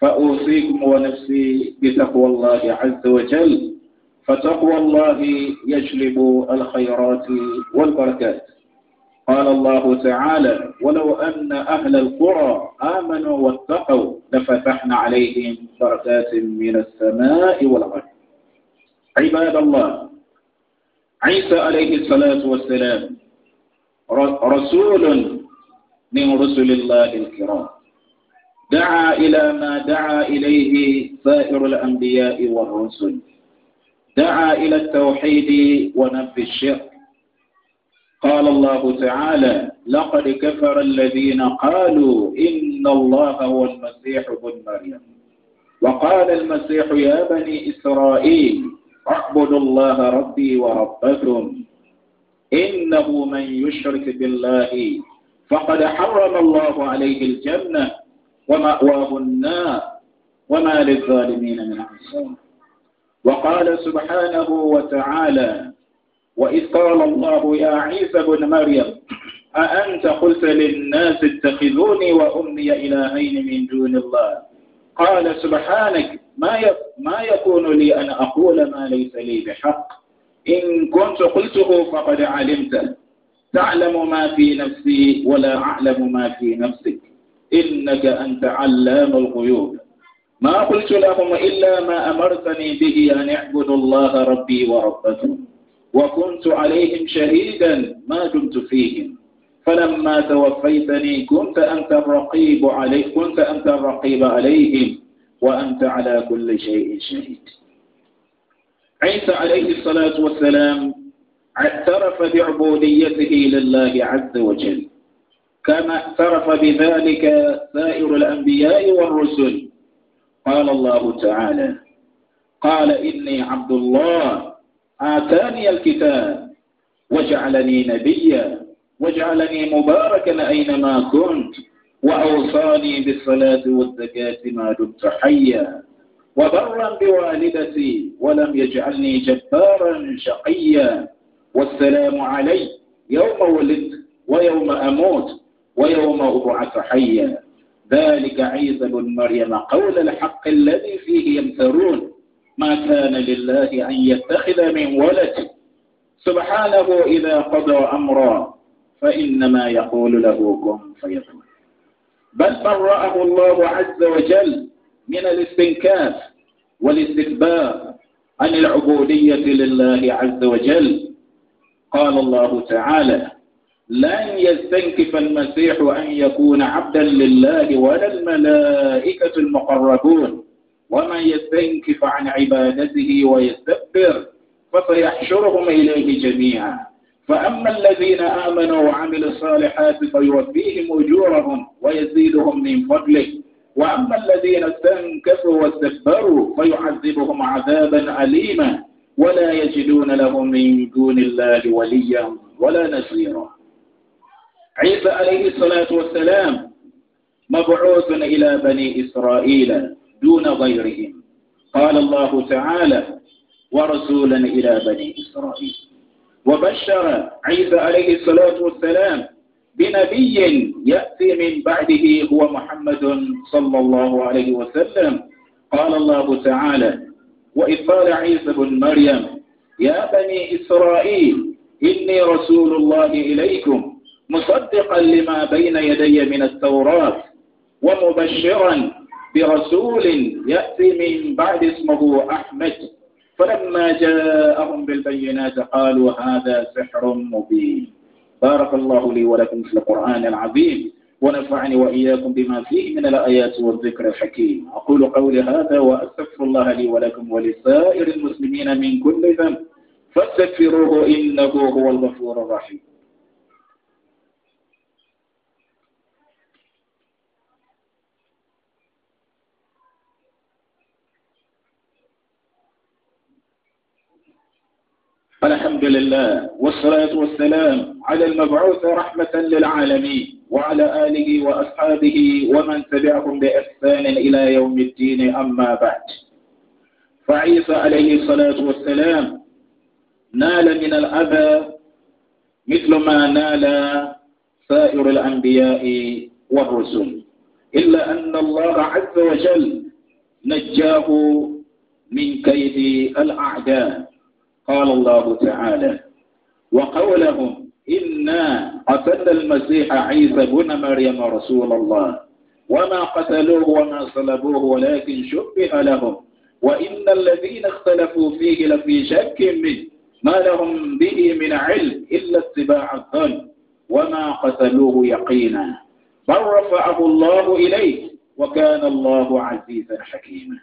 فأوصيكم ونفسي بتقوى الله عز وجل فتقوى الله يجلب الخيرات والبركات قال الله تعالى ولو أن أهل القرى آمنوا واتقوا لفتحنا عليهم بركات من السماء والأرض عباد الله عيسى عليه الصلاة والسلام رسول من رسل الله الكرام دعا إلى ما دعا إليه سائر الأنبياء والرسل دعا إلى التوحيد ونفي الشرك قال الله تعالى لقد كفر الذين قالوا إن الله هو المسيح بن مريم وقال المسيح يا بني إسرائيل اعبدوا الله ربي وربكم إنه من يشرك بالله فقد حرم الله عليه الجنة ومأواه النار وما للظالمين من أنصار وقال سبحانه وتعالى وإذ قال الله يا عيسى بن مريم أأنت قلت للناس اتخذوني وأمي إلهين من دون الله قال سبحانك ما ما يكون لي أن أقول ما ليس لي بحق إن كنت قلته فقد علمته تعلم ما في نفسي ولا أعلم ما في نفسك إنك أنت علام الغيوب ما قلت لهم إلا ما أمرتني به أن اعبدوا الله ربي وربكم وكنت عليهم شهيدا ما دمت فيهم فلما توفيتني كنت أنت الرقيب علي كنت أنت الرقيب عليهم وأنت على كل شيء شهيد عيسى عليه الصلاة والسلام اعترف بعبوديته لله عز وجل كما اعترف بذلك سائر الأنبياء والرسل قال الله تعالى قال إني عبد الله آتاني الكتاب وجعلني نبيا وجعلني مباركا أينما كنت وأوصاني بالصلاة والزكاة ما دمت حيا وبرا بوالدتي ولم يجعلني جبارا شقيا والسلام علي يوم ولدت ويوم أموت ويوم أبعث حيا ذلك عيسى بن مريم قول الحق الذي فيه يمترون ما كان لله أن يتخذ من ولد سبحانه إذا قضى أمرا فإنما يقول له كن فيكون بل برأه الله عز وجل من الاستنكاف والاستكبار عن العبودية لله عز وجل قال الله تعالى لن يستنكف المسيح أن يكون عبدا لله ولا الملائكة المقربون ومن يستنكف عن عبادته ويستكبر فسيحشرهم إليه جميعا فأما الذين آمنوا وعملوا الصالحات فيوفيهم أجورهم ويزيدهم من فضله وأما الذين استنكفوا واستكبروا فيعذبهم عذابا أليما ولا يجدون لهم من دون الله وليا ولا نصيرا عيسى عليه الصلاة والسلام مبعوث إلى بني إسرائيل دون غيرهم قال الله تعالى ورسولا إلى بني إسرائيل وبشر عيسى عليه الصلاة والسلام بنبي يأتي من بعده هو محمد صلى الله عليه وسلم قال الله تعالى وإذ قال عيسى بن مريم يا بني إسرائيل إني رسول الله إليكم مصدقا لما بين يدي من التوراة ومبشرا برسول يأتي من بعد اسمه أحمد فلما جاءهم بالبينات قالوا هذا سحر مبين بارك الله لي ولكم في القرآن العظيم ونفعني وإياكم بما فيه من الآيات والذكر الحكيم أقول قولي هذا وأستغفر الله لي ولكم ولسائر المسلمين من كل ذنب فاستغفروه إنه هو الغفور الرحيم الحمد لله والصلاة والسلام على المبعوث رحمة للعالمين وعلى آله وأصحابه ومن تبعهم بإحسان إلى يوم الدين أما بعد فعيسى عليه الصلاة والسلام نال من الأذى مثل ما نال سائر الأنبياء والرسل إلا أن الله عز وجل نجاه من كيد الأعداء قال الله تعالى وقولهم إنا قتلنا المسيح عيسى بن مريم رسول الله وما قتلوه وما صلبوه ولكن شبه لهم وإن الذين اختلفوا فيه لفي شك منه ما لهم به من علم إلا اتباع الظن وما قتلوه يقينا بل رفعه الله إليه وكان الله عزيزا حكيما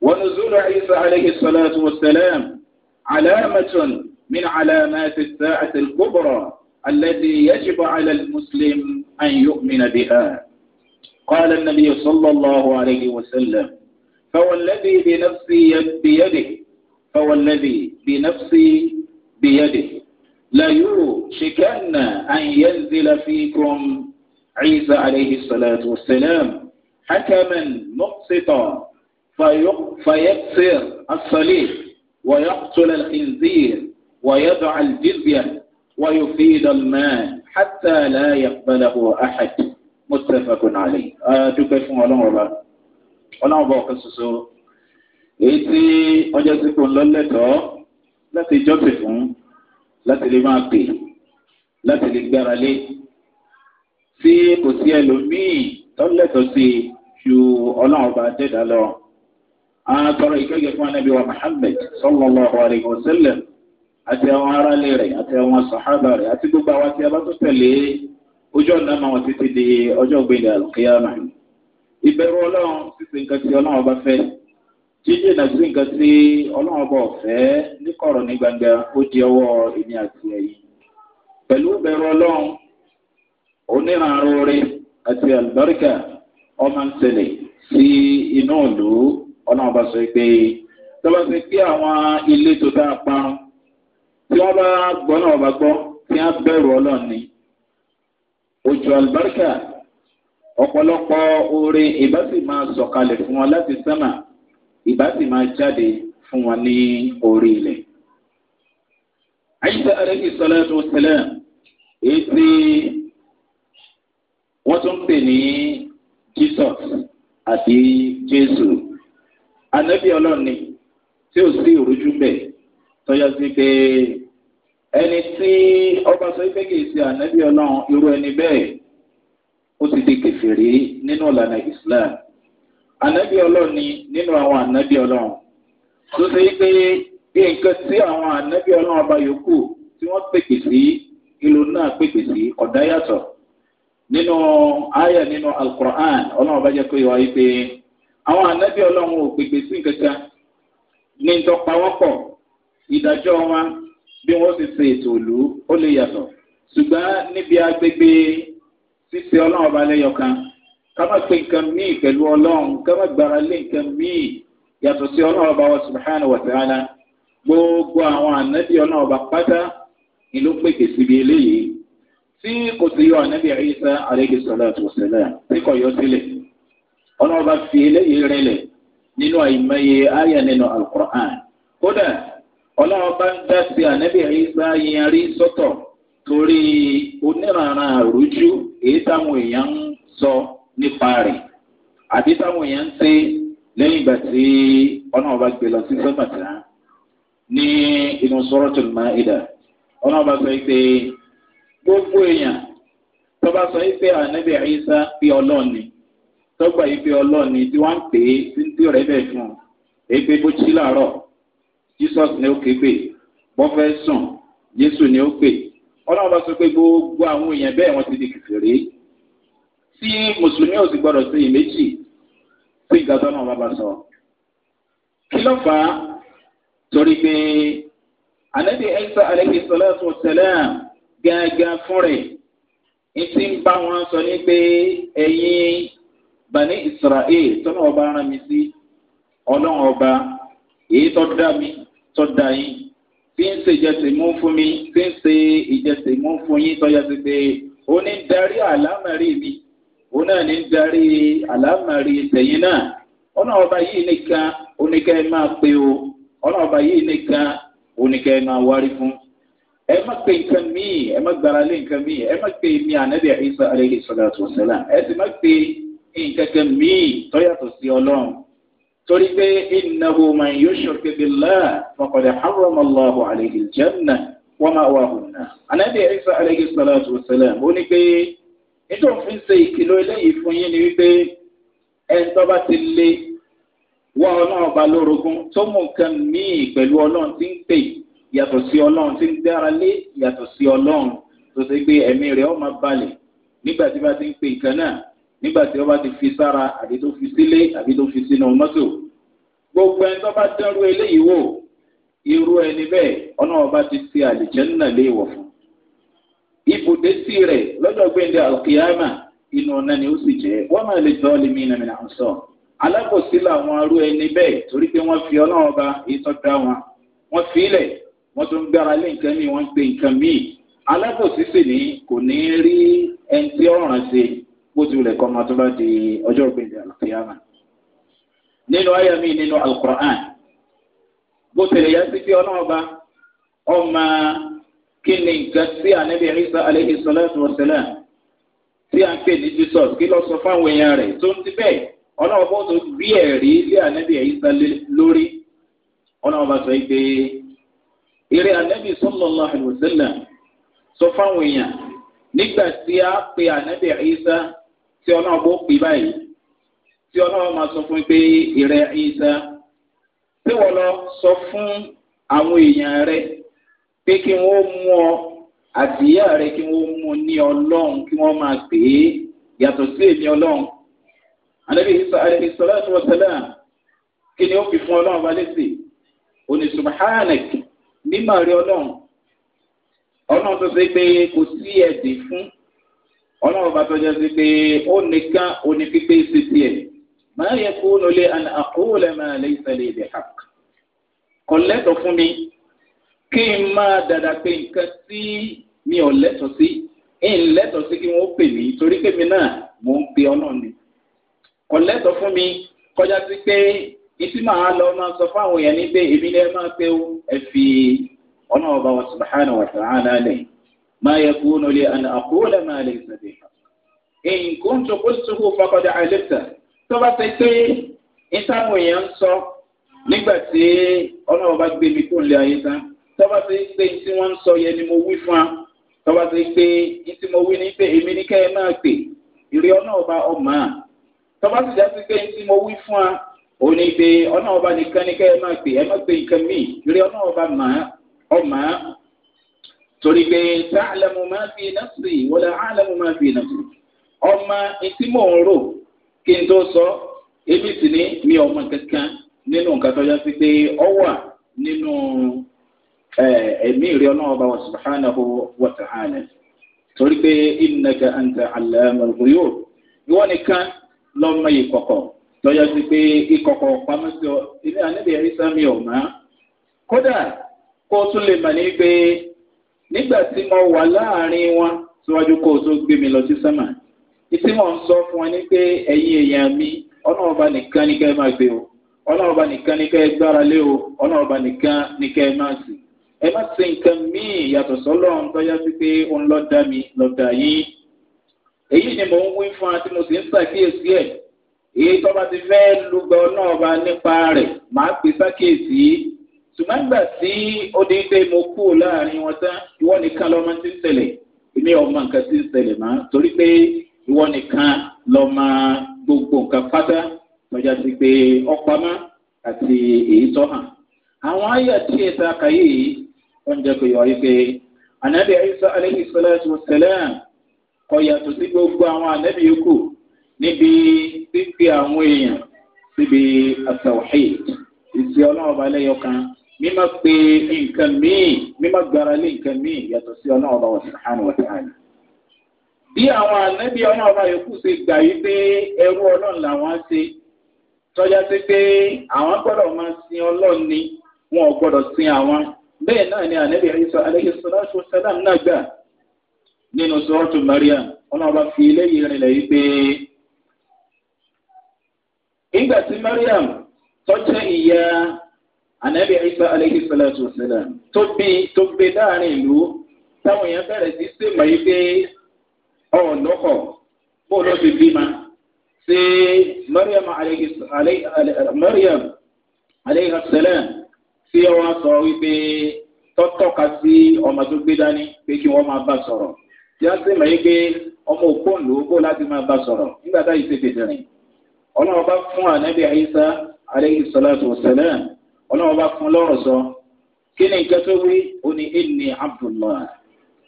ونزول عيسى عليه الصلاة والسلام علامة من علامات الساعة الكبرى التي يجب على المسلم أن يؤمن بها قال النبي صلى الله عليه وسلم فوالذي بنفسي بيده فوالذي بنفسي بيده ليوشكن أن ينزل فيكم عيسى عليه الصلاة والسلام حكما مقسطا فيكسر الصليب ويقتل الخنزير ويضع الجزية ويفيد المال حتى لا يقبله أحد متفق عليه أدوكي فون الله وبا الله وبا وكسوسو èyí ọjọ́ tí kò lọ́lẹ́tọ̀ọ́ láti jọ́sìn fún láti lè máa pè láti lè gbára lé tí kò sí ẹlòmíì tọ́lẹ́tọ̀ọ́ sí ju ọlọ́run ọba dẹ́dà lọ. àtọrọ ìkẹgẹ fún anabi wa muhammed sallallahu alayhi wa sallam àti àwọn aráàlú rẹ àti àwọn sàhábà rẹ àti gbogbo àwọn tí a bá tó tẹ̀lé ojú ọ̀nà àwọn títí di ọjọ́ ògbéni àlùkìyàmà ìbẹ̀rù ọlọ́run sísè nǹkan tí ọlọ́run ọba fẹ́ jíjẹ́ ìdájú nǹkan ọba ní gbangba ó di ọwọ́ èmi àti ẹ̀yìn pẹ̀lú ìbẹ̀rù ọlọ́run àti àlùbáríkà ọmọ ń ọlọ́run bá sọ pé tọ́ba ti pé àwọn ilé tó dáa parun tí wọ́n bá gbọ́ náà bá gbọ́ tí wọ́n bẹ̀rù ọlọ́run ni òjò àlùbáríkà ọ̀pọ̀lọpọ̀ oore ìbá sì máa sọ̀kalẹ̀ fún wọn láti sánà ìbá sì máa jáde fún wọn ní orí ilẹ̀. àyíṣẹ́ àrẹ́kì sọlá tó tẹ̀lé èyí wọ́n tún pè ní jesus àti jésù anabi ọlọ́ni tí ó sí ìrújú bẹ̀ tọ́já sí pé ẹni tí ọba sọ pé kì í ṣe anabi ọlọ́run irú ẹni bẹ́ẹ̀ ó ti di kẹfìrí nínú ìlànà islam anabi ọlọ́ni nínú àwọn anabi ọlọ́run tó ṣe pé nǹkan tí àwọn anabi ọlọ́run ọba yòókù tí wọ́n pèpè sí ìlú náà pèpè sí ọ̀dá yàtọ̀ nínú àyà nínú alukur'an ọlọ́run ọba jẹ́ pé wáyé pé àwọn ànábì ọlọ́run ò gbègbè sí nkẹta ní ìtọ́pawọ́pọ̀ ìdájọ́ wa bí wọ́n sì ṣe ètò òlú ó lè yàtọ̀ ṣùgbọ́n níbi agbègbè ṣíṣe ọlọ́run ọba lẹ́yọ kan ká má pe nǹkan míì pẹ̀lú ọlọ́run ká má gbára lé nǹkan míì yàtọ̀ sí ọlọ́run ọba wa subhanahu wa ta'ala gbogbo àwọn ànábì ọlọ́run ọba pátá ìlú pèkè síbi eléyìí tí kò sí yọ ànábì Isa alayhi salatu wa salam tí kò yọ sílẹ̀ ọlọ́run bá fi eléyìí rinlẹ̀ nínú àìmọye àyà nínú alukur'an kódà ọlọ́run bá ń dá sí ànábì Ìsá yanrí sọ́tọ̀ torí oníranran àrújú èyí táwọn èèyàn ń sọ nípa rẹ̀ àbí táwọn èèyàn ń ṣe lẹ́yìn ìgbà tí ọlọ́run bá gbé lọ sí sọ́mọ̀tà ní inú Suratul Maida ọlọ́run bá sọ pé gbogbo èèyàn tó sọ pé ànábì Ìsá bí ọlọ́run tọ́gbà yìí pé ọlọ́run ni tí wọ́n ń pè é tí ń tí ọ̀rẹ́ bẹ̀ fún un èyí bó ṣí làárọ̀ jesus ni ó ké pè bọ́ fẹ́ sùn jésù ni ó pè ọlọ́run bá sọ pé gbogbo àwọn èèyàn bẹ́ẹ̀ wọ́n ti di kìfèrè tí mùsùlùmí ò sì gbọ́dọ̀ sí ìméjì sí ìgbàdàn náà bàbá sọ kí ló fà á torí pé anabi ẹsẹ aleyhi salatu salam gángan fún rẹ etí ń bá wọn sọ ní pé ẹyin bani israel tọ́nà ọba rán mi sí ọlọ́run ọba èyí tó dá mi tó dá yín tí ń ṣe ìjẹsìn mú fún mi tí ń ṣe ìjẹsìn mú fún yín tó yẹ ti pé ó ní darí àlámọ̀rí mi ó náà ní darí àlámọ̀rí tẹ̀yìn náà ọlọ́run ọba yìí nìkan oníkẹ́ máa pe o ọlọ́run ọba yìí nìkan oníkẹ́ máa wárí fún ẹ má pe nǹkan míì ẹ má gbára lé nǹkan míì ẹ má pe mi ànábì Ìsá alayhi salatu wassalam ẹ sì má pe nkankan míì tó yàtọ̀ sí ọlọ́run torí pé innahu man yushrik billah faqad harrama Allahu alayhi al-jannah wa ma'wahu an-nar. Ànábì Ìsá alayhi salatu wa salam ó ní pé nítorí òfin ṣe ìkìlọ̀ eléyìí fún yín ni wípé ẹni tó bá ti lé wá ọlọ́run ọba lórogún tó mú nǹkan míì pẹ̀lú ọlọ́run tí ń pè yàtọ̀ sí ọlọ́run tí ń dára lé yàtọ̀ sí ọlọ́run tó ṣe pé ẹ̀mí rẹ̀ ó máa balẹ̀ nígbà tí bá ti ń pè nǹkan náà nígbà tí wọ́n bá ti fi sára àbí tó fi sílé àbí tó fi sínú mọ́tò gbogbo ẹni tó bá dẹrú eléyìí wò irú ẹni bẹ́ẹ̀ ọ̀nà ọba ti ti àlìjẹ́nà lé wọ̀ fún ibùdó sí rẹ̀ lọ́jọ́ gbẹ̀ndẹ̀ àkìyàmà inú ọ̀nà ni ó sì jẹ́ wọ́n máa lè tọ́ lè mí iná mi náà sọ alábòsí làwọn arú ẹni bẹ́ẹ̀ torí pé wọ́n fi ọlọ́run ọba ìtọ́jú wọn wọ́n fi ilẹ̀ wọ́n tún gbára lé nǹkan míì wọ́n gbé nǹkan míì alábòsí sì ní kò ní rí ẹni tí ọ̀ràn ṣe gbójú rẹ̀ kọ́ máa tó bá di ọjọ́ ìgbìndé àlùkìyàmà. nínú àyà mi nínú alukur'an bó tẹ̀lé yá sí pé ọlọ́ọ̀ba ọmọ kí ni nǹkan tí ànábì Ìsá alayhi salatu wa salam tí a ń pè ní Jesus kí lọ sọ fáwọn èèyàn rẹ̀ tó ń ti bẹ́ẹ̀ ọlọ́ọ̀bá tó rí ẹ̀rí lé ànábì Ìsá lórí ọlọ́ọ̀bá sọ pé eré ànábì sallallahu alayhi sọ fáwọn èèyàn nígbà tí a pe ànábì Ìsá tí ọlọ́run bó pè báyìí tí ọlọ́run máa sọ fún pé ìrẹ ìta tí wọ́n lọ sọ fún àwọn èèyàn rẹ pé kí wọ́n mú ọ àtìyá rẹ kí wọ́n mú ní ọlọ́run kí wọ́n máa pè é yàtọ̀ sí èmi ọlọ́run anabi isa alebi sọlá tó kí ni ó fi fún ọlọ́run balẹ̀ sí òní subahánek rí ọlọ́run ọlọ́run tó ṣe pé kò sí ẹ̀dín fún ọlọ́run bá tọ́jú sí pé ó nìkan òní pípé sí tiẹ̀ máa yẹ kó lọlé àná àkóòlẹ̀ máa lè sẹ́lẹ̀ ìdè hàk. kọ̀lẹ́tọ̀ fún mi kí n máa dàda pé nǹkan tí mi ò lẹ́tọ̀ sí ń lẹ́tọ̀ sí kí wọ́n pè mí torí pé mi náà mò ń pe ọlọ́run ni. kọ̀lẹ́tọ̀ fún mi kọjá sí pé ìsí màá lọ máa sọ fún àwọn èèyàn ní pé èmi lè máa pé ẹ fi ọlọ́run bá wa subhanahu wa ta'ala lẹ́yìn. ما يكون لي أن أقول ما ليس به إن كنت قلته فقد علمته tọ́ba إنسان pé ìtàwọn أنا ń sọ nígbà tí ọlọ́run bá gbé mi kó lé ayé tán tọ́ba ṣe pé tí wọ́n ń sọ yẹn ni mo wí fún wa tọ́ba ṣe pé tí mo wí èmi ní kẹ́ ẹ máa pè ìrẹ́ ọlọ́ọ̀ba ọmọ à tọ́ba sì mo wí fún wa ò ní pé ọlọ́ọ̀ba nìkan ní kẹ́ ẹ máa pè ẹ má pè nǹkan míì ìrẹ́ ọlọ́ọ̀ba ọmọ à torí pé ta'lamu ma fi nafsi wala a'lamu ma fi nafsi ọmọ etí mò ń rò kí n tó sọ ebi sì ní mi ọmọ kankan nínú nǹkan tó yá sí pé ọ wà nínú ẹ̀mí ìrẹ́ ọlọ́run bá wa subhanahu wa ta'ala torí pé innaka anta allamul ghuyub ìwọ nìkan lọ́mọ ìkọ̀kọ̀ lọ́yọ́ sí pé ìkọ̀kọ̀ pamọ́ sí ọ ilé àníbi ẹ̀rí sámi ọ̀ mọ́ kódà kó tún lè mà ní pé nígbà tí mo wà láàrin wọn síwájú kó o tó gbé mi lọ sí sẹ́mà ìtí mò ń sọ fún ẹ ní pé ẹ̀yin èèyàn mi ọlọ́run ọba nìkan ni ká ẹ máa gbé o ọlọ́run ọba nìkan ni ká ẹ gbára lé o ọlọ́run ọba nìkan ni ká ẹ máa sìn ẹ má ṣe nǹkan míì yàtọ̀ sọ́lọ́run tó yá sí pé ó ń lọ dá mi lọ dá yín èyí ni mò ń wí fún wa tí mo sì ń ṣàkíyèsí ẹ̀ èyí tó bá ti fẹ́ lùgbọ́ náà bá nípa rẹ̀ màá pè sákèsí ṣùgbọ́n gbà tí ó dé pé mo kú láàrin wọn tán ìwọ nìkan lọ́mọ ti ń ṣẹlẹ̀ èmi ọmọ nǹkan ti ń ṣẹlẹ̀ mọ́ torí pé ìwọ nìkan lọ́mọ gbogbo nǹkan pátá lọ́jà sí pé ọ̀pamọ́ àti èyí tọ́ hàn. àwọn àyà tí ẹ ta kàyé yìí wọ́n jẹ́ pé wáyé pé ànábì àyíṣà aleyhi sọ́láṣí sẹ́lẹ̀m kọ yàtọ̀ sí gbogbo àwọn ànábì yòókù níbi fífi àwọn èèyàn síbi àtàwọ̀hìn ìsì ọlọ́ọ̀bá lẹ́yọ̀kan mímọ́ pé nǹkan míì mímọ́ gbára lé nǹkan míì yàtọ̀ sí ọlọ́run ọba wọ̀sán wa ta'ala. bí àwọn ànábì ọlọ́run ọba yòókù ṣe gbà yí pé ẹrú ọlọ́run làwọn ṣe tọ́já sí pé àwọn gbọ́dọ̀ máa sin ọlọ́run ni wọn ò gbọ́dọ̀ sin àwọn. bẹ́ẹ̀ náà ni ànábì Ìsá alayhi salatu wa náà gbà nínú suratu Maryam ọlọ́run ọba fi eléyìí rinlẹ̀ yí pé ìgbà tí Maryam tọ́jú ìyá ànábì Ìsá alayhi salatu wa salam tó bí tó gbé láàrin ìlú táwọn èèyàn bẹ̀rẹ̀ sí sèmọ̀ yìí pé ọ̀ọ́dọ́kọ̀ bó ló ti bímọ ṣé Maryam alayhi salam tí wọ́n sọ wípé tọ́tọ́ka sí ọmọ tó gbé dání pé kí wọ́n máa bá sọ̀rọ̀ tí wọ́n sì mọ̀ yí pé ọmọ òkúńlò kó láti máa bá sọ̀rọ̀ nígbà táyì ṣe tètè rìn bá fún ànábì Ìsá alayhi salatu wa salam ọlọ́run bá fún lọ́rọ̀ sọ kí ni nǹkan tó wí ó ní inni abdullah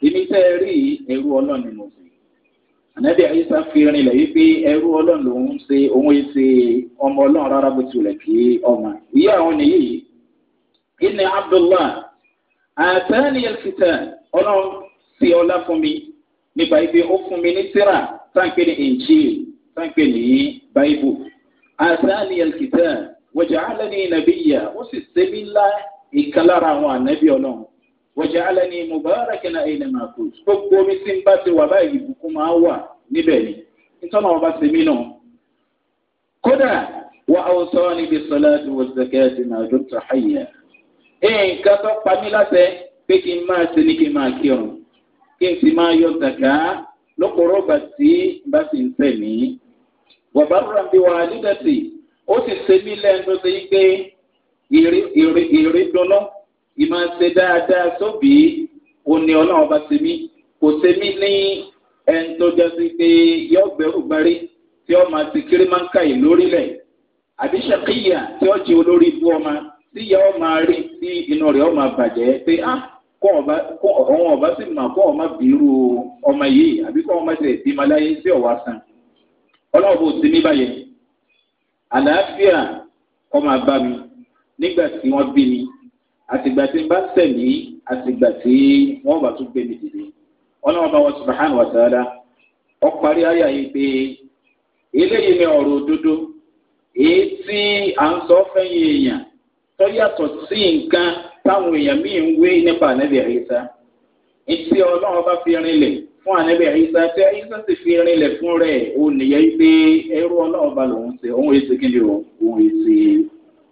èmi tẹ́ ẹ rí ẹrú ọlọ́run ni mo sì ànábì àyíṣà fi rinlẹ̀ wípé ẹrú ọlọ́run lòun ń ṣe òun ń ṣe ọmọ ọlọ́run rárá bó tilẹ̀ kí ọmọ ìyá àwọn nìyí inni abdullah àtẹ́ni ẹ̀fìtẹ́ ọlọ́run ṣe ọlá fún mi nípa ibi ó fún mi ní síra táǹpẹ́ ní injil táǹpẹ́ ní báíbù àtẹ́ni ẹ̀fìtẹ́ wọ̀jà alẹ́ni nàbí yà ó sì sẹ́mi ńlá ìkan lára àwọn ànábì ọlọ́run wọ̀jà alẹ́ni mubaraka na ẹ̀yìn náà kù gbogbo omi tí ń bá ti wà báyìí ìbùkún máa wà níbẹ̀ ni nítorí wọn bá sẹ́mi náà kódà wà á sọ ọ́ níbi sọlá ti wọ zakẹ́tì náà dókítà hayà nǹkan tó pa mí láṣẹ pé kí n máa ṣe ní kí n máa kírun kí n sì máa yọ zàká lókòrò bàtí bá sì ń tẹ̀ mí wàbá rà ó sì ṣe mí lẹ́nu tó ṣe pé ìrè dọ́lọ́ ìmọ̀ ṣe dáadáa sóbì òní ọlọ́run bá ṣe mí kò ṣe mí ní ẹni tó jẹ́ sí pé yọ gbẹ́rù gbárí tí ó máa ti kiri máa ń ka yìí lórílẹ̀ àbí ṣàkíyà tí ó jí olórí ibú ọmọ tí ìyá ọ máa rí tí inú rẹ̀ ọ máa bàjẹ́ pé á kọ́ ọ̀hún ọba sì mà kọ́ ọmọ bírú ọmọ yìí àbí kọ́ ọmọ tẹ̀ bímọ láyé sí ọ̀wá sàn ọlọ́run bò mí báyẹn. àlàáfíà kọ́ máa bá mi nígbà tí wọ́n bí mi àtìgbà tí n bá sẹ̀mí àtìgbà tí wọ́n bá tún gbé mi dìde ọlọ́wọ́n bá wọn subahana wa ta'ala ayà yìí pé eléyìí ni ọ̀rọ̀ òdodo èyí tí à ń sọ fẹ́yìn èèyàn tó yàtọ̀ sí nǹkan táwọn èèyàn míì ń wé nípa ànábìyà yìí sá ètí fi fún ànábì àyíṣà pé àyíṣà sì fi rinlẹ̀ fún rẹ̀ ó nìyẹn pé ẹrú ọlọ́run ba lòun ṣe òun èsì kíni o òun èsì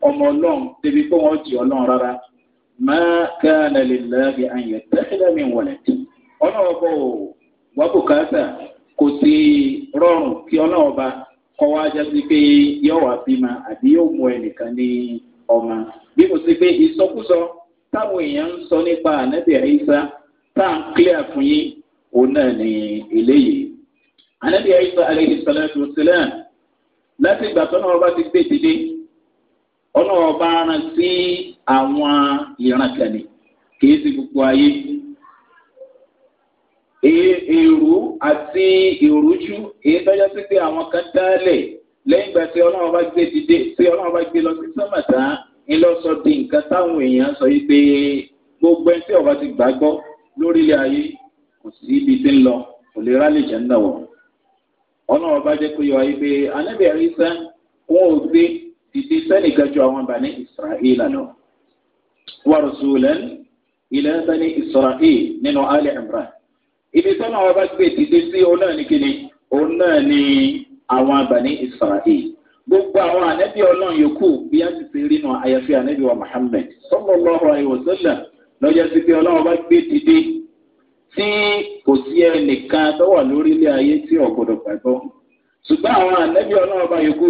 ọmọ ọlọ́run débi pé wọ́n jì ọlọ́run rárá má káàlà lè láàbì àyẹ̀ tẹ́lẹ̀mí wọlé ọlọ́run bọ̀ wá bùkátà kò sí rọrùn kí ọlọ́run bá kọ́ wá jásí pé yóò wá bímọ àbí yóò mú ẹnìkan ní ọmọ bí kò sí pé ìsọkúsọ táwọn èèyàn ń sọ nípa ànábì àyíṣà tá à ń kílẹ̀ fún yín òun ni eléyìí. anabi ayisa aleyhi salatu wa salam láti ìgbà tó náà ọba ti gbé dìde ọ̀nà ọba ara sí àwọn ìran kẹ̀lẹ̀ kìí sí gbogbo ayé e, èrú àti ìrújú èyí tọ́jọ́ sí pé àwọn kan dálẹ̀ lẹ́yìn ìgbà tí ọlọ́run bá gbé dìde tí ọlọ́run bá gbé lọ sí di nǹkan táwọn èèyàn sọ yìí pé gbogbo ẹni tí ọba ti gbàgbọ́ lórílẹ̀ ayé kò sí ibi tí ń lọ kò lè rálẹ̀ jẹ́ ńlá wọ̀. ọlọ́run bá jẹ́ pé yọ ayé pé anábìrin sẹ́ wọn ò gbé dìde sẹ́nìkan ju àwọn bani israẹ́lá lọ. wà rọ̀sùlẹ̀ ilẹ̀ sẹ́ni israẹ́l nínú alẹ́ imran. ibi sọ́nà wọn bá gbé dìde sí òun náà ní kíni òun náà ní àwọn bani israẹ́l. gbogbo àwọn anábì ọlọ́run yòókù bí a ti ti rí nù àyàfi anábì wa muhammed sọ́kọ̀ lọ́wọ́ àyẹ̀wò tí kò sí ẹnìkan tó lórí ilé ayé tí ọ̀gbọ̀dọ̀ gbàgbọ́. ṣùgbọ́n àwọn ànẹ́bí ọlọ́run bá yòókù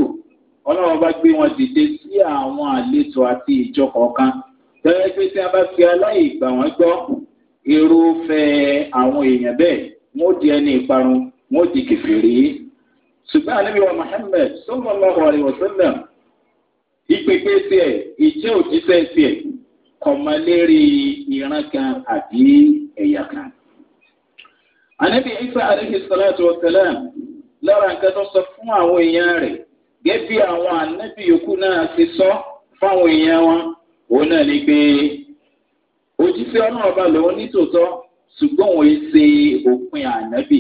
ọlọ́run bá gbé wọn dìde sí àwọn àlejò àti ìjọ kọ̀ọ̀kan tẹ́lẹ̀ pé tí a bá fi aláìgbà wọn gbọ́ irúfẹ́ àwọn èèyàn bẹ́ẹ̀ wọ́n di ẹni ìparun wọ́n di kẹfìrí. ṣùgbọ́n ànẹ́bí wa muhammed sallallahu alaihi wasallam ìpèpè tiẹ̀ ìjẹ́ òjíṣẹ́ tiẹ̀ kọ̀mọ́lérí ìran kan àbí ẹ̀yà kan. ànábì Ìsá alayhi salatu wa salam lára nǹkan tó sọ fún àwọn èèyàn rẹ̀ gẹ́gẹ́ bí àwọn ànábì yòókù náà ti sọ fáwọn èèyàn wọn òun náà ni pé òjíṣẹ́ ọlọ́run ọba lòun nítòótọ́ ṣùgbọ́n òun ṣe òpin ànábì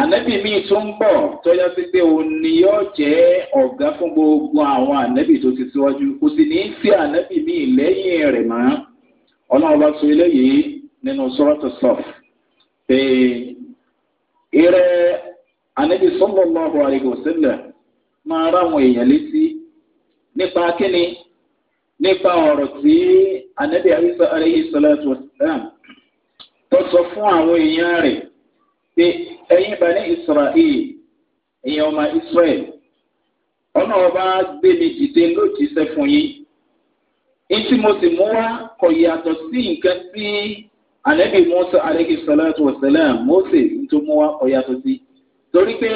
ànábì míì tó ń bọ̀ tọ́já sí pé òun ni yóò jẹ́ ọ̀gá fún gbogbo àwọn ànábì tó ti síwájú kò sì ní í sí ànábì míì lẹ́yìn rẹ̀ mọ́ ọlọ́run ọba sọ eléyìí nínú Suratu Saff pé ìrẹ ànábì sallallahu alaihi wasallam máa ráwọn èèyàn létí nípa kíni nípa ọ̀rọ̀ tí ànábì àyíṣà alaihi salatu wassalam tó sọ fún àwọn èèyàn rẹ̀ pé ẹ̀yin bá ní Israel èèyàn ọmọ Israel ọ̀nà ọba gbé mi dìde lójijì sẹ́fún yín. Etí mo sì mú wá kọ̀ yàtọ̀ sí nǹkan tí ànábì musa aleyhi salatu wa mose tó mú wa ọ̀yà tó sí torí pé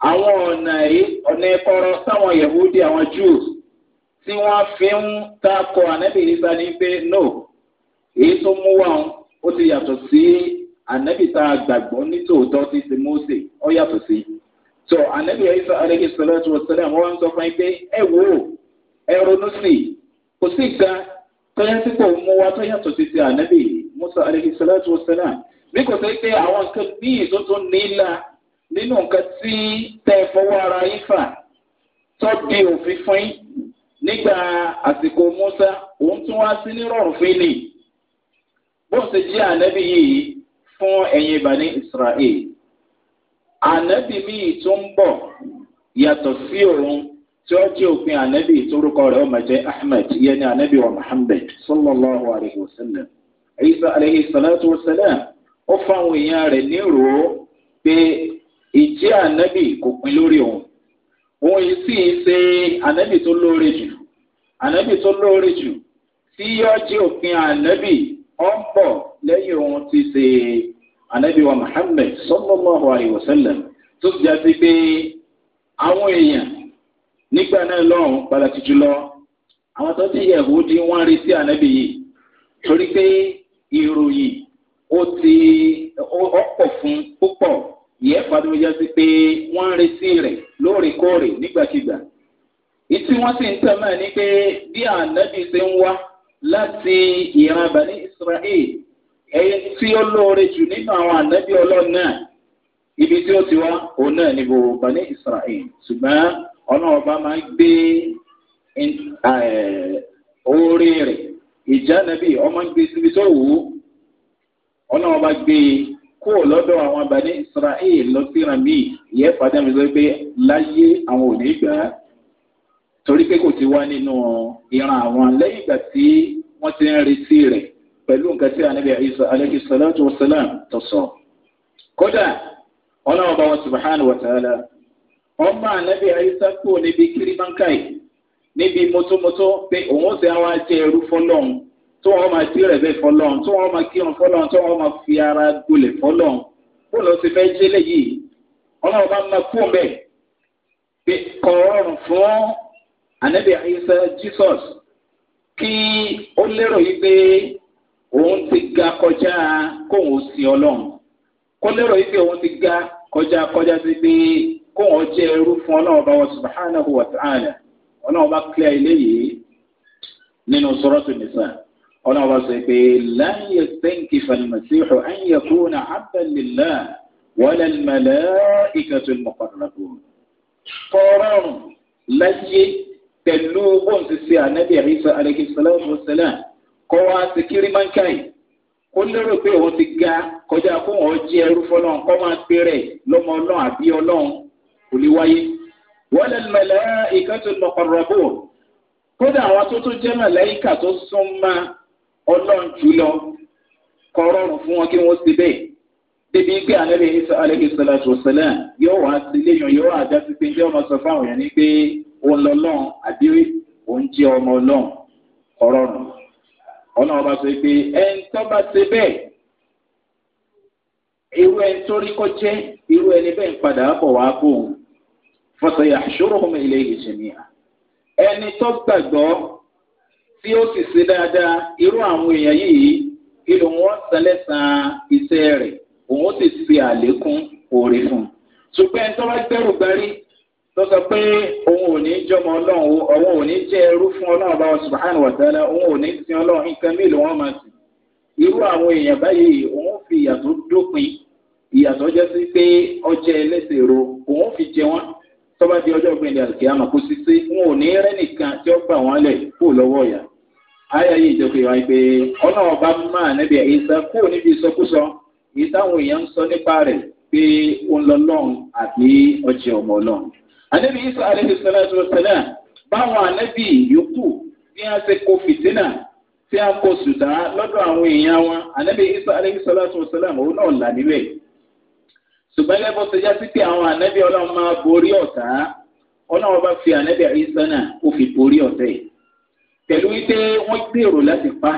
àwọn ọ̀nà yìí ọ̀nà ẹ̀kọ́rọ̀ sáwọn yahudi àwọn jews tí wọ́n fi ń takò ànábì isa ní pé no èyí tó mú wa ó ti yàtọ̀ sí ànábì tá a gbàgbọ́ nítòótọ́ ti ti mose ó yàtọ̀ sí so ànábì isa aleyhi salatu wa salam wọ́n sọ fún yín pé ẹ wò ó ẹ ronú sí kò sí ìgbà tọ́yá mú wa tọ́yà musa aleyhi salatu wa salam bí kò sẹ́ pé àwọn nǹkan míì tó tún nílà nínú nǹkan tí tẹ́ ẹ fọwọ́ ara yín fà tó di òfin fún yín nígbà àsìkò musa òun tún wá sí nírọ̀rùn fún yín bó ṣe jẹ́ ànábì yìí fún ẹ̀yin ìbàní israel ànábì míì tó ń bọ̀ yàtọ̀ sí òun tí ó jẹ́ òpin ànábì torúkọ rẹ̀ ọmọ jẹ́ ahmed yẹn ní ànábì wa muhammed sallallahu alayhi wa sallam. Isa alayhi salatu wa salam ó fáwọn èèyàn rẹ̀ nírò ó pé ìjẹ́ ànábì kò pin lórí òun òun yìí sì ṣe ànábì tó lóore jù ànábì tó lóore jù tí yóò jẹ́ òpin ànábì ọ̀ ń bọ̀ lẹ́yìn òun ti ṣe ànábì wa Muhammad sallallahu alayhi wa sallam tó ti jáde pé àwọn èèyàn nígbà náà lọ́rùn pàtàkì jùlọ àwọn tó ti yẹ̀wò di wọ́n rí sí ànábì yìí torí pé ìròyìn ó ti ọ̀pọ̀ fún púpọ̀ ìyẹn fàdúrójá sí pé wọ́n ń retí rẹ̀ lóòrèkóòrè nígbàkigbà. ìtí wọ́n sì ń tẹ̀mọ́ ni pé bí ànábì ṣe ń wá láti ìran abàní israel ẹyẹ tí ó lóore jù nínú àwọn ànábì ọlọ́run náà ibi tí ó ti wá òun náà níbo bàní israel ṣùgbọ́n ọ̀nà ọba máa ń gbé oore rẹ̀ ìjà nàbí ọmọ ń gbé síbi tó wù ú ọ̀nà ọba gbé e kó lọ́dọ̀ àwọn abàní israel lọ síra míì ìyẹ́ padà mi sọ pé láyé àwọn ò ní gbà á torí pé kò ti wá nínú ìran àwọn lẹ́yìn ìgbà tí wọ́n ti ń retí rẹ̀ pẹ̀lú nǹkan tí anabi isa alayhi salatu tó sọ. kódà ọlọ́wọ́ bá wọn subahana wa ta'ala ọmọ anabi isa kú níbi kiribankai níbi mọ́tòmọ́tò pé òun ṣe àwọn àti ẹrú fọlọ́n tó wọn máa ti rẹ̀ bẹ́ẹ̀ fọlọ́n tó wọn máa kírun fọlọ́n tó wọn máa fi ara gbolẹ̀ fọlọ́n fóònù ó ti fẹ́ jẹ́ léyìí ọlọ́run bá máa kú bẹ́ẹ̀ pé kọ́ ọ̀rùn fún anabi ayisa jesus kí ó lérò yìí pé òun ti ga kọjá kóun sin ọlọ́run kó lérò yìí pé òun ti ga kọjá kọjá sí pé kóun jẹ́ ẹrú fún ọlọ́run bá wọn subhanahu wa ta'ala ọlọ́run bá kílẹ̀ eléyìí nínú sọ́rọ́tù nìsa ọlọ́run bá sọ pé láyé sẹ́ǹkì fàlìmọ̀síhù ẹ̀yẹ kúnà abẹ́lélá wọlé mẹlẹ́ ìkẹtù mọ̀kànlélọ́gbò. kọ́rọ́rùn láyé pẹ̀lú bóun ti ṣe ànábì àríṣà alẹ́kìsílẹ̀ ọ̀sẹ̀lá kọ́ wa ti kiri máa ń káyì ó lérò pé òun ti ga kọjá kó wọn jẹ ẹrú fọlọ́n kọ́ máa péré lọ́mọ ọlọ́run àbí ọlọ́run kò lè wáyé wọ́n lẹ́nu mẹ́lẹ́ ìkẹ́tù lọ́kọ̀rọ̀bù kódà àwọn tó tún jẹ́ màláíkà tó sún mọ́ ọlọ́run jùlọ kọ́ rọrùn fún wọn kí wọ́n ti bẹ́ẹ̀ débi pé àlẹ́bí isa aleyhi salatu wasalam yóò wá sí léyìn yóò wá já sí pé ǹjẹ́ ọmọ sọ fáwọn èèyàn ní pé òun lọ́lọ́run àbí òun ọmọ ọlọ́run kọ́ rọrùn ọlọ́run sọ pé ẹni tó bá ṣe bẹ́ẹ̀ irú ẹni tó rí kọ́ jẹ́ irú ẹni bẹ́ẹ̀ padà bọ̀ wá bò fọ́sọ̀yà ṣòrohùn ilé ìjìnìyà ẹni tó gbàgbọ́ tí ó sì ṣe dáadáa irú àwọn èèyàn yìí irú wọn sẹlẹ̀sán iṣẹ́ rẹ̀ òun sì ṣe àlékún òòrè fún un ṣùgbọ́n ẹni tó bá gbẹ́rù gbarí tó sọ pé òun ò ní jọmọ ọlọ́run òun ò ní jẹ́ ẹrú fún ọlọ́run bá wọn subhanahu wa ta'ala òun ò ní sin ọlọ́run nǹkan mí ló máa sìn irú àwọn èèyàn báyìí òun fi ìyàtọ̀ dópin ìyàtọ̀ jẹ́ sí pé ọjẹ́ ẹlẹ́sẹ̀ ro òun fi jẹ wọ́n tọ́ba di ọjọ́ gbé ní àkíyàmọ̀ kó sísé wọn ò ní rẹ́nìkan tí ó gbà wọ́n lẹ̀ kó lọ́wọ́ ọ̀yà. ayé yìí jẹ́ pé wáyé pé ọ̀nà ọba máa níbi ìsà kó níbi ìsọkúsọ èyí táwọn èèyàn ń sọ nípa rẹ̀ pé ó ń lọ lọ́run àbí ọjọ́ ọmọ ọlọ́run. ànábi isa aleyhi salatu wa salam báwọn ànábi yòókù bí wọ́n ṣe kó fìtínà tí a kó sùdá lọ́dọ̀ àwọn èèyàn wọn ànábi isa aleyhi salatu wa salam òun náà là níbẹ̀ ṣùgbọ́n ẹgbẹ́ tó já sí pé àwọn ànábì ọlọ́run máa borí ọ̀tá ọlọ́run bá fi ànábì àyíṣà náà ó fi borí ọ̀tá yìí pẹ̀lú wípé wọ́n gbèrò láti pa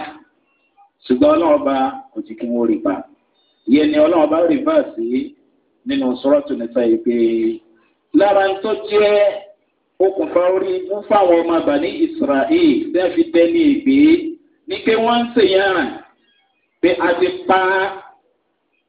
ṣùgbọ́n ọlọ́run bá kò jí kí wọ́n rí pa ìyẹn ni ọlọ́run bá rí bá sí nínú sọ́rọ́tù nípa yìí lára ń tó jẹ́ okùnfà orí ibú fáwọn ọmọ àgbà ní israel tẹ́ fi tẹ́ ní ìgbé ní pé wọ́n ń ṣèyàn pé a ti pa á.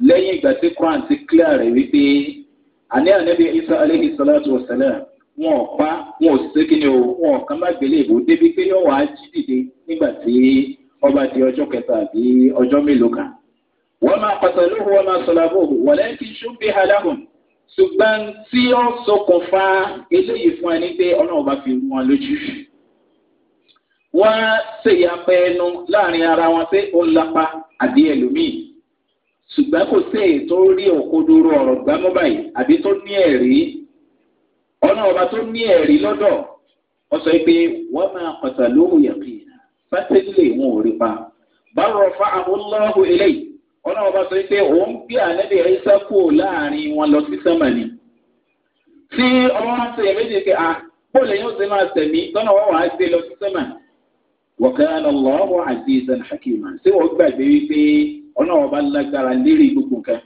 lẹ́yìn ìgbà tí quran ti clear rẹ̀ wípé àní ànábi isa aleyhi salatu wa salam wọn ò pa wọn ò sì sé kíni o wọn ò kàn má gbélé ìbò débi pé yóò wá jí dìde nígbà tí ọba di ọjọ́ kẹta àbí ọjọ́ mélòó kan. wọ́n máa pàtàlú wọn máa sọ̀rọ̀ àbò wọ̀lẹ́ kí ṣùgbé aláhùn ṣùgbọ́n tí ó ṣokùnfà eléyìí fún ẹni pé ọlọ́run bá fi wọn lójú. wọ́n ṣèyàpẹ́ ẹnu láàrin ara wọn pé ó ń lapa àbí ẹlòmíì ṣùgbọ́n kò sí èyí tó rí òkodoro ọ̀rọ̀ gbámọ́ báyìí àbí tó ní ẹ̀rí ọ̀nà ọba tó ní ẹ̀rí lọ́dọ̀ ọ sọ pé wọ́n máa pàtà lóhùn yàtì sátẹ́lẹ̀ wọn ò rí pa báwo fa àmúlọ́hùn eléyìí ọ̀nà ọba sọ pé òun gbé ànábì ẹ̀ríṣà kú láàrin wọn lọ sí sẹ́mọ̀nì tí ọmọ wọn sọ yẹ méjì pé à bóòlù yóò ṣe máa tẹ̀mí tọ́nà wọn wàá gbé lọ sí sẹ́mọ̀nì wọ̀kẹ́rán lọ́wọ́ àti ìsàn hakima ṣé wọ́n gbàgbé wípé ọlọ́ọ̀ba lágbára lérí gbogbo nǹkan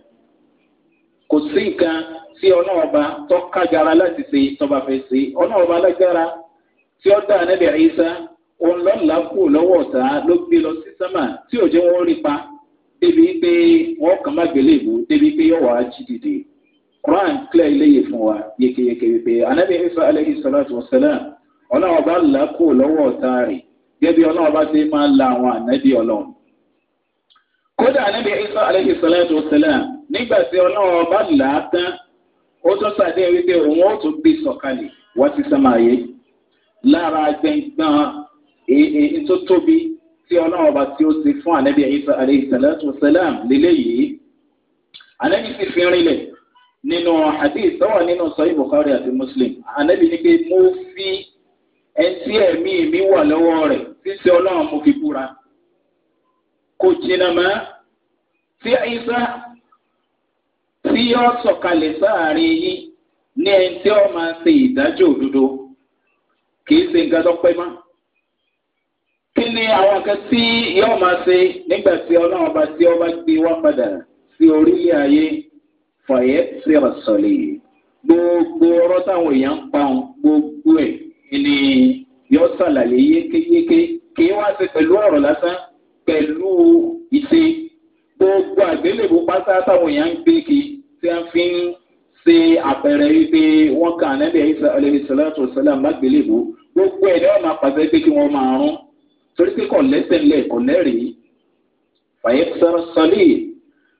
kò sí nǹkan tí ọlọ́ọ̀ba tó kájara láti ṣe tọba fẹ́ ṣe ọlọ́ọ̀ba lágbára tí ó dá anábì ẹ̀yíṣá òun lọ́la kù lọ́wọ́ ọ̀tá ló gbé lọ sí sámà tí ò jẹ́ wọ́n rí pa débi pé wọ́n kàn má gbélé ìbò débi pé yọ̀ wá jí dìde quran kílẹ̀ iléyè fún wa yékéyéké wípé anábì ẹ̀yíṣá alẹ́ ìṣọ́lá ọlọ́ọ̀ba là kù lọ́wọ́ ọ̀tá rẹ̀ gẹ́gẹ́ ọlọ́run bá ti máa la àwọn ànábì ọlọ́run. kódà ànábì Ìsá alayhi salatu wassalam nígbà tí ọlọ́run bá là á tán ó tún sàdé wípé òun ó tún gbé sọ̀kalẹ̀ wá sí sàmáyé lára gbẹ̀ngbọ̀n èyí tó tóbi tí ọlọ́run bá tí ó ti fún ànábì Ìsá alayhi salatu wassalam lélẹ́yìí. ànábì sì fi rinlẹ̀ nínú hadith tó nínú sahih Bukhari àti Muslim ànábì ní pé mo fi ẹtí ẹ̀mí mi wà lọ́wọ́ rẹ̀ ṣíṣe ọlọ́run mo fi búra kò jìnnà mọ́ tí àyíṣá tí yọ sọ̀kalẹ̀ sáàrin yín ní ẹni tí ó máa ṣe ìdájọ́ òdodo kìí ṣe nǹkan tó pẹ́ mọ́. kí ni àwọn nǹkan tí yọ máa ṣe nígbà tí ọlọ́run bá tí ọ bá gbé wá padà sí orílẹ̀ ayé fàyẹ́ sí ọ̀sọ̀lẹ̀ gbogbo ọ̀rọ̀ táwọn èèyàn ń pa wọn gbogbo ẹ̀ ni yóò ṣàlàyé yékéyéké kì í wá sí pẹ̀lú ọ̀rọ̀ lásán pẹ̀lú ìṣe gbogbo àgbélébù pátá táwọn èèyàn ń gbé kí tí wọ́n fi ń ṣe àpẹẹrẹ wípé wọ́n kà ànábì àyíṣà ọlẹ́bíṣẹ́láṣọ sẹ́lá mágbélébù gbogbo ẹ̀ ní wọ́n máa pàṣẹ pé kí wọ́n máa rún torí pé kò lẹ́sẹ̀lẹ̀ kò lẹ́rìí fàyè sọ̀rọ̀ sọ́lé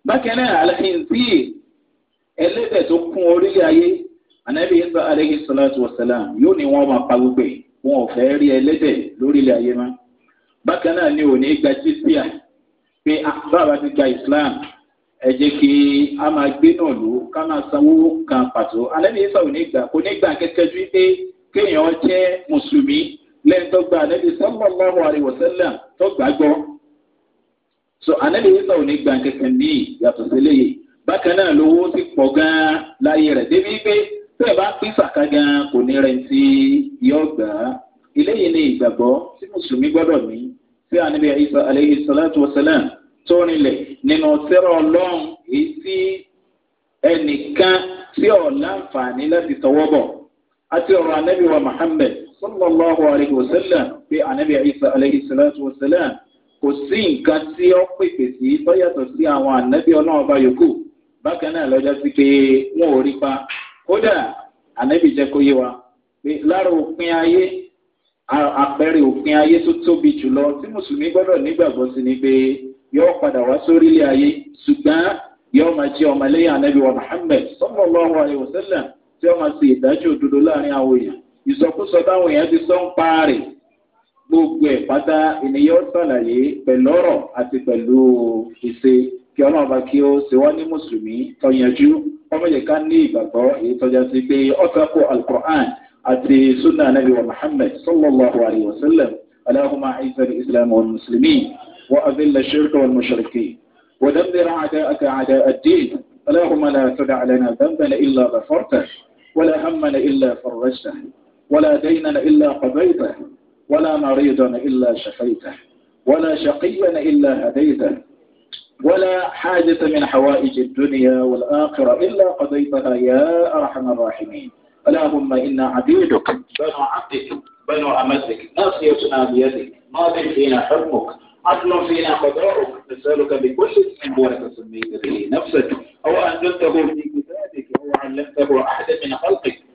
bákan náà alẹ́hìntì ẹlẹ́dẹ̀ tó kún orílẹ̀ ayé ànábì àyíṣà ọlẹ́bíṣẹ́láṣọ sẹ́lá yóò ní wọ́n máa pa gbogbo yìí wọn ò fẹ́ rí ẹlẹ́dẹ̀ lórílẹ̀ ayé mọ́ bákan náà ni òní gba jizya pé bàbá ah, ti gba islam ẹ jẹ́ kí a máa gbé náà lò ká máa sanwó kan pàtó alẹ́ ní sọ òní gbà kò ní gbà kẹ́kẹ́ ju pé kéèyàn jẹ́ mùsùlùmí lẹ́yìn tó gba alẹ́ ní sallallahu alaihi wasallam tó gbàgbọ́ so alẹ́ ní sọ òní gbà kẹ́kẹ́ ní yàtọ̀ sí léyìí bákan náà lówó ti pọ̀ gan-an láyé rẹ̀ débi pé tí ẹ bá pín sàkà gan kò ní rẹntì yóò gbà á eléyìí ni ìgbàgbọ́ tí mùsùlùmí gbọ́dọ̀ ní sí ànábi àyíṣà aleyhi salatu wa salam tó rinlẹ̀ nínú sẹ́rọ̀ ọlọ́run èyí tí ẹnìkan tí ọ̀ láǹfààní láti tọwọ́ bọ̀ àti ọ̀rọ̀ ànábi wa muhammed sallallahu alayhi wa sallam pé ànábi àyíṣà aleyhi salatu wa salam kò sí nǹkan tí ó pèpè sí tó yàtọ̀ sí àwọn ànábi ọlọ́run ọba yòókù bákan náà lọ́jọ́ sí pé wọ́n ò rí pa kódà ànábì jẹ́ kó yé wa pé lára òpin ayé àpẹẹrẹ òpin ayé tó tóbi jùlọ tí mùsùlùmí gbọ́dọ̀ nígbàgbọ́ sí ni pé yóò padà wá sórí ilé ayé ṣùgbọ́n yóò máa jẹ́ ọmọlẹ́yìn ànábì wa muhammed sallallahu alaihi wasallam tí wọ́n máa ṣe ìdájọ́ òdodo láàrin àwọn èèyàn ìsọkúsọ táwọn èèyàn ti sọ ń pa rẹ̀ gbogbo ẹ̀ pátá ènìyàn sàlàyé pẹ̀lú ọ̀rọ̀ àti pẹ̀lú ìṣe kí ọlọ́run bá kí ó ṣe wá ní mùsùlùmí tọ́yanjú kọ́mọ̀yẹ ká ní ìgbàgbọ́ èyí tọ́já sí pé ọ̀sàkó alukur'an àti sunna anabi wa muhammed sallallahu alayhi wa sallam allahumma aizal islam wal muslimin wa azil shirka wal mushrikin wa dabbir a'da'aka a'da' ad-din اللهم لا تدع لنا ذنبا الا غفرته ولا هما الا فرجته ولا دينا الا قضيته ولا مريضا الا شفيته ولا شقيا الا هديته ولا حاجة من حوائج الدنيا والآخرة إلا قضيتها يا أرحم الراحمين اللهم إنا عبيدك بنو عبدك بنو أمتك ناصيتنا بيدك ماض فينا حكمك عدل فينا قضاؤك نسألك بكل اسم هو سميت به نفسك أو أنزلته في كتابك أو علمته أحدا من خلقك